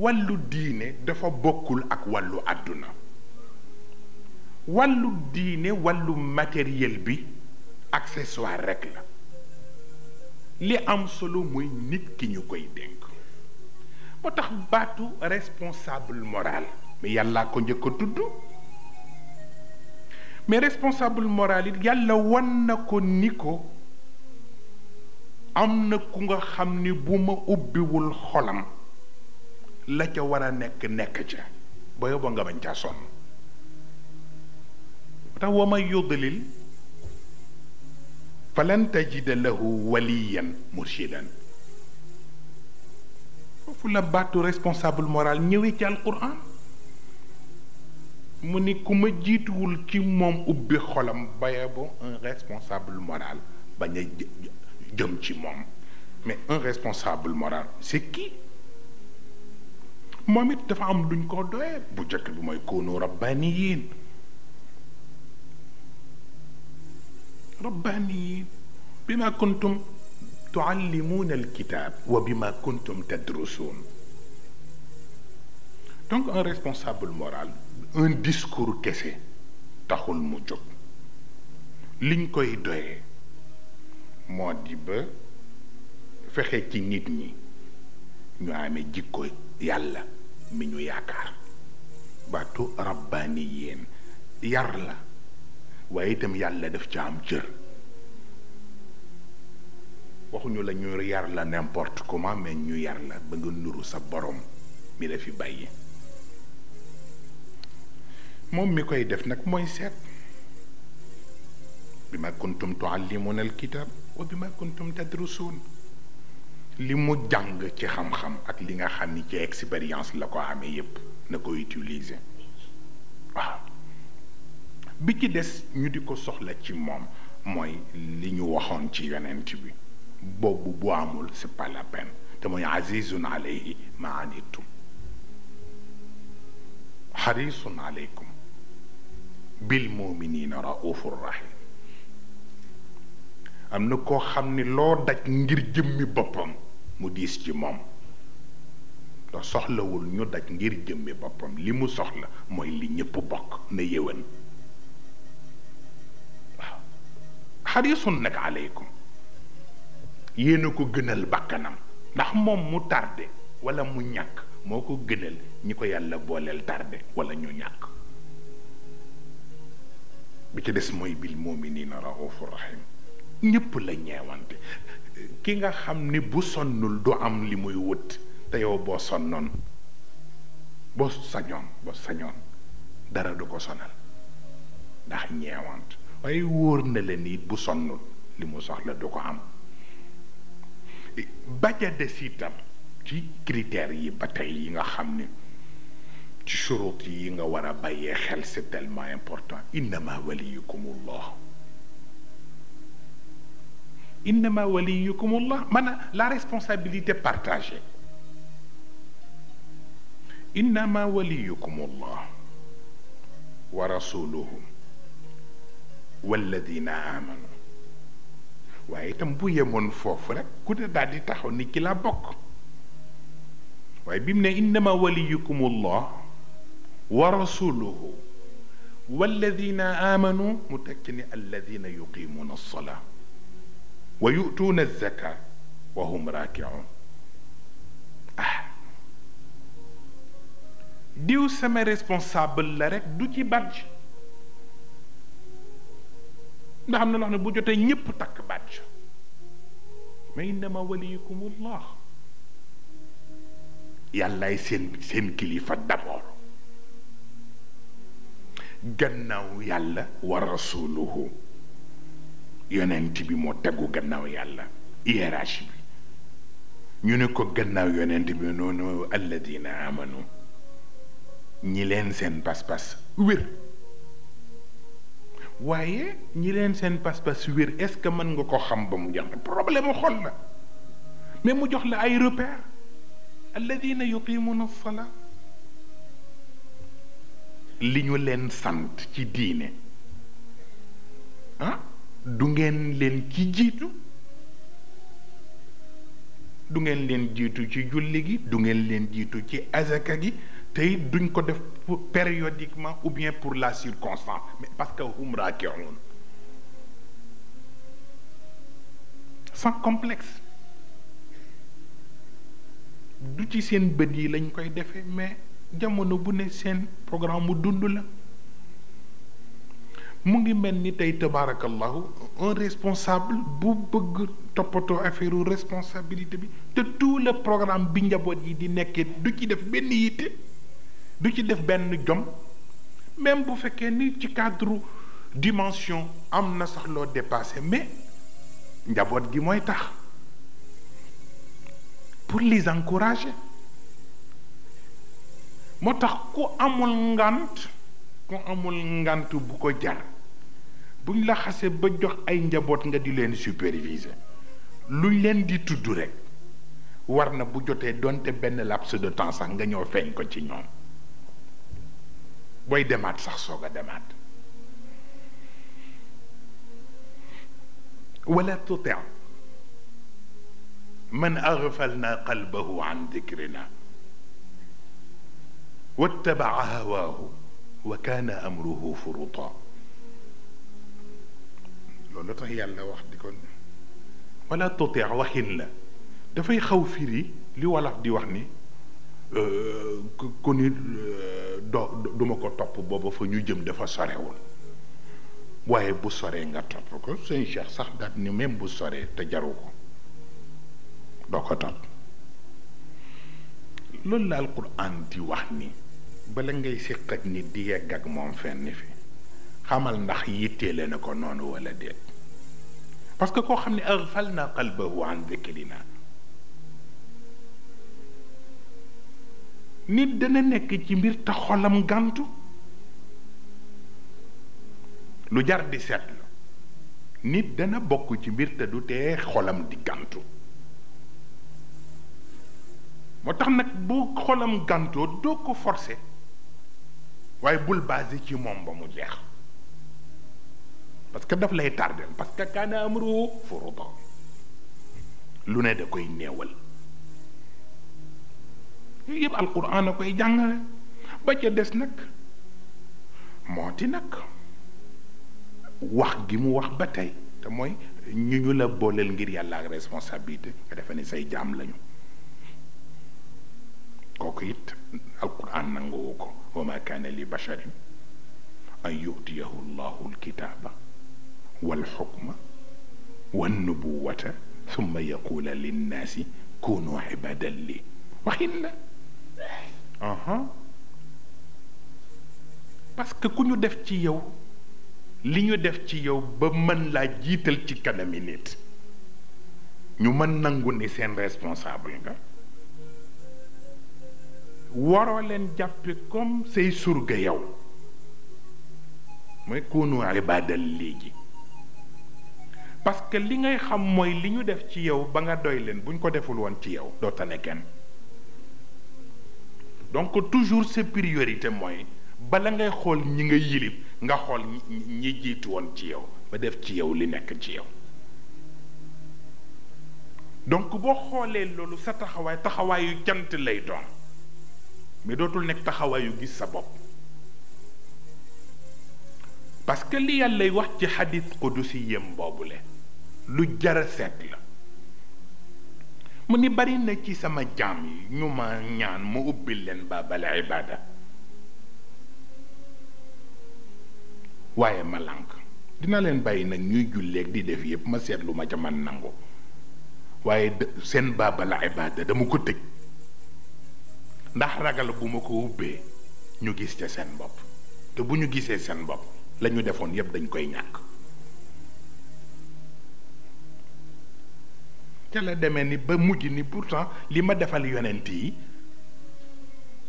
wallu diine dafa bokkul ak wàllu àdduna wàllu diine wàllu matériel bi accessoire rekk la li am solo mooy nit ki ñu koy dénk moo tax baatu responsable moral mais yàllaa ko njëkk a tudd mais responsable moral it yàlla wan na ko ni ko am na ku nga xam ni bu ma ubbiwul xolam la ca war a nekk nekk ca ba yóbba nga bañ caa sonn tax wa may yudlil falan tajida lahu waliyan murshidan foofu la battu responsable moral ñëwee ci alquran mu ni ku ma jiituwul ci moom ubbi xolam baye bo un responsable moral bañ a jëm ci moom mais un responsable moral c'est qui ماميت دفع عم لن كردوين بجك يكونوا ربانيين ربانيين بما كنتم تعلمون الكتاب وبما كنتم تدرسون دونك ان ريسبونسابل مورال ان ديسكور كسي تاخول مو جوب لين كوي دوي مودي با فخي كي نيت ني ñu amé jikko yalla mi ñu yaakaar baatu rabbaani yéen yar la waaye itam yàlla def ca am cër waxuñu la ñu yar la n'importe comment mais ñu yar la bëgg nga nuru sa borom mi la fi bàyyi moom mi koy def nag mooy seet bi ma kuntum tuallimuna alkitab wa bi ma kuntum tadrusuun li mu jàng ci xam-xam ak li nga xam ci expérience la ko amee yépp na ko utiliser waaw bi ci des ñu di ko soxla ci moom mooy li ñu waxoon ci yonent bi boobu bu amul c'est pas la peine te mooy azizun alayhi ma anittum xarisun bil muminina raufur rahim am na koo xam daj ngir jëmmi boppam mu diis ci moom ndax soxlawul ñu daj ngir jëmmi boppam li mu soxla mooy li ñëpp bokk na yéwén waaw xarisun nag aleykum yéen ko gënal bakkanam ndax moom mu tàrde walla mu ñàkk moo ko gënal ñi ko yàlla booleel tardé wala ñu ñàkk bi ci des mooy bil muminina raufur rahim ñëpp la ñeewante ki nga xam ni bu sonnul du am li muy wut te yow boo sonnoon boo sañoon boo sañoon dara du ko sonal ndax ñeewant waaye wóor na la nit bu sonnul li mu soxla du ko am baja des itam ci critères yi ba tey yi nga xam ni ci churut yi nga war a bàyyee xel c'est tellement important innama waliyukumullah innama waliyukum allah maanaam la responsabilité partagée innama waliyukum allah wa rasuluhu walladina amanu waaye itam bu yemoon foofu rek ku ne daal di taxaw ni ki la bokk waaye bi mu ne innama waliyukumullah wa rasuluhu walladina amanu mu tekki ni alladina yuqimuuna alsalaa ويؤتون الزكاة وهم راكعون آه. ديو سما ريسبونسابل لا ريك دو تي بادج دا خامنا لوخنا بو جوتي نييب تاك بادج ما انما وليكم الله يالله سين سين كليفا دابور غناو يالله ورسوله yonent bi moo tegu gannaaw yàlla hiérarchie bi ñu ne ko gannaaw yonent bi noonu alladina amanu ñi leen seen pas-pas wér waaye ñi leen seen pas-pas wér est-ce que mën nga ko xam ba mu jàng problème xol la mais mu jox la ay repère alladina yuqimuna salaa li ñu leen sant ci diine ah? du ngeen leen ki jiitu du ngeen leen jiitu ci julli gi du ngeen leen jiitu ci azaka gi duñ ko def périodiquement ou bien pour la circonstance mais parce que hum sans complexe du ci lañ koy mais jamono bu programme mu ngi mel ni tey tabaarakallahu un responsable bu bëgg toppatoo affaire responsabilité bi te tout le programme bi njaboot yi di nekkee du ci def benn yitte du ci def benn jom même bu fekkee ni ci cadre dimension am na sax loo dépassé mais njaboot gi mooy tax pour les encourager moo tax amul ngant ku amul ngantu bu ko jar buñ la xasse ba jox ay njabot nga di leen superviser luñ leen di tudd rek war na bu jotee donte benn laps de temps sax nga ñoo feeñ ko ci ñoom boy demat sax soga demat wala tuti man aghfalna qalbahu an dhikrina wattaba'a hawaahu وكان امره فرطا لولوتو هي الله واحد كون ولا تطع وحنا ده في خوف لي لي ولا أه، أه، دي وحني كوني دو ماكو توب بوبو فا ني جيم دافا سوريول واي بو سوري nga top ko sen cheikh sax dat ni même bu sore te jaruko doko top lol la alquran di wahni bala ngay séq ak nit di yegg ak moom fenn fi xamal ndax yitteele na ko noonu wala déet parce que koo xam ne aghfal na qalbahu an dhikrina nit dana nekk ci mbir te xolam gàntu lu jar di seetlu nit dana bokk ci mbir te du tee xolam di gàntu moo tax nag boo xolam gàntoo doo ko forcer waaye bul basé ci moom ba mu jeex parce que daf lay tardel parce que kaana amru furudan lu ne da koy néewal yooyu yëpp alquran a koy jàngale ba ca des nag mooti nag wax gi mu wax ba tey te mooy ñu ñu la booleel ngir yàlla ak responsabilité nga defe ni say jaam lañu kooku it alquran nanguwu ko وما كان لبشر أن يؤتيه الله الكتاب والحكم والنبوة ثم يقول للناس كونوا عبادا لي وحين أها بس كونو دفتي يو لينو دفتي يو بمن لا جيتل تي كانا مينيت ñu mën nangu ni seen responsable nga waroo leen jàppe comme say surga yow mooy kunu ibadal léegi parce que li ngay xam mooy li ñu def ci yow ba nga doy leen bu ñu ko deful woon ci yow doo tane kenn donc toujours sa priorité mooy bala ngay xool ñi nga yilib nga xool ñi jiitu woon ci yow ba def ci yow li nekk ci yow donc boo xoolee loolu sa taxawaay taxawaayu cant lay doon mais dootul nekk taxawaayu gis sa bopp parce que li yàllay wax ci xadis si yem boobule lu jara seet la mu ni bari na ci sama jaam yi ñu ma ñaan mu ubbil leen baabal ibaada waaye ma lànk dina leen bàyyi nag ñuy julleeg di def yépp ma seetlu ma ca man nangu waaye seen baabal ibaada dama ko tëj ndax ragal bu ma ko ubbee ñu gis ca seen bopp te bu ñu gisee seen bopp lañu defoon yépp dañ koy ñàkk ca la demee ni ba mujj ni pourtant li ma defal yonent yi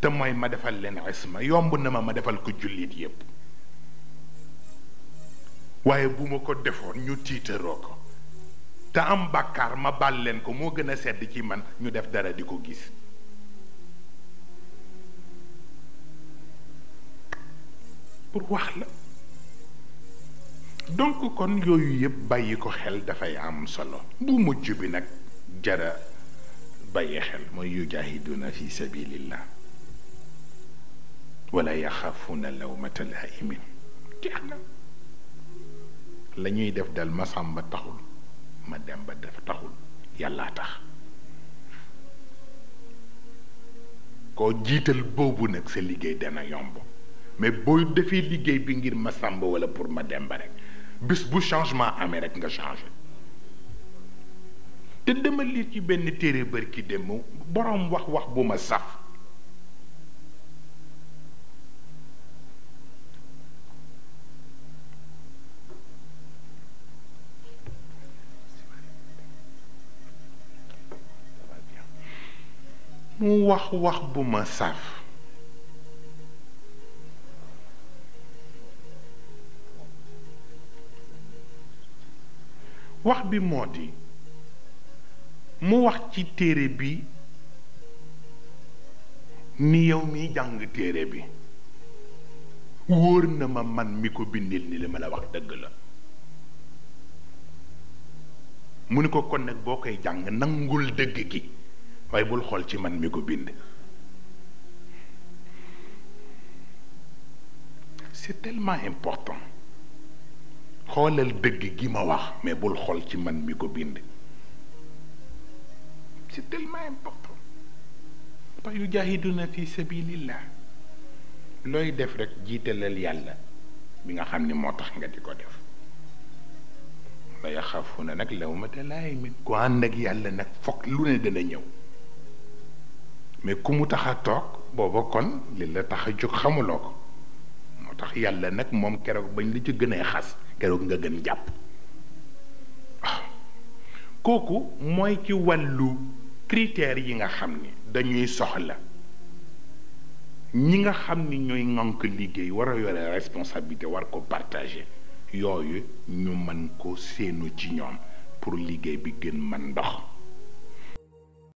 te mooy ma defal leen ma yomb na ma ma defal ko jullit yépp waaye bu ma ko defoon ñu tiitaroo ko te am bàkkaar ma baal leen ko moo gën a sedd ci man ñu def dara di ko gis pour wax la donc kon yooyu yëpp bàyyi ko xel dafay am solo bu mujj bi nag jara bàyyi xel mooy yujahiduna fi sabilillah wala yaxaafuna lawmata laa'imin jeex na la ñuy def dal ma sàmba taxul ma dem ba def taxul yàlla tax koo jiital boobu nag sa liggéey dana yomb mais booy defee liggéey bi ngir ma sàmba wala pour ma demba rekk bis bu changement amee rek nga changé te dama lii ci benn téere bër ki dem boroom wax wax bu ma saf mu wax wax bu ma saf wax bi moo di mu wax ci téere bi ni yow mi jàng téere bi wóor na ma man mi ko bindil ni li ma la wax dëgg la mu ni ko kon boo koy jàng nangul dëgg gi waaye bul xool ci man mi ko bind c'est tellement important xolal dëgg gi ma wax mais bul xol ci man mi ko bind ci tellement important pa yu jahiduna fi sabilillah loy def rek jiitalal yàlla bi nga xamni ni tax nga diko def la yaxaafuna nag lawmata laayimin ku ànd ak yàlla nak fok lu ne dana ñëw mais kumu taxa tok bobo kon li la tax juk xamuloko motax yàlla nak mom keroog bañ li ci gëne xass keroog nga gën jàpp waaw kooku mooy ci wàllu critères yi nga xam ni dañuy soxla ñi nga xam ni ñooy ŋànk liggéey war a yore responsabilité war ko partager yooyu ñu mën ko séenu ci ñoom pour liggéey bi gën mën ndox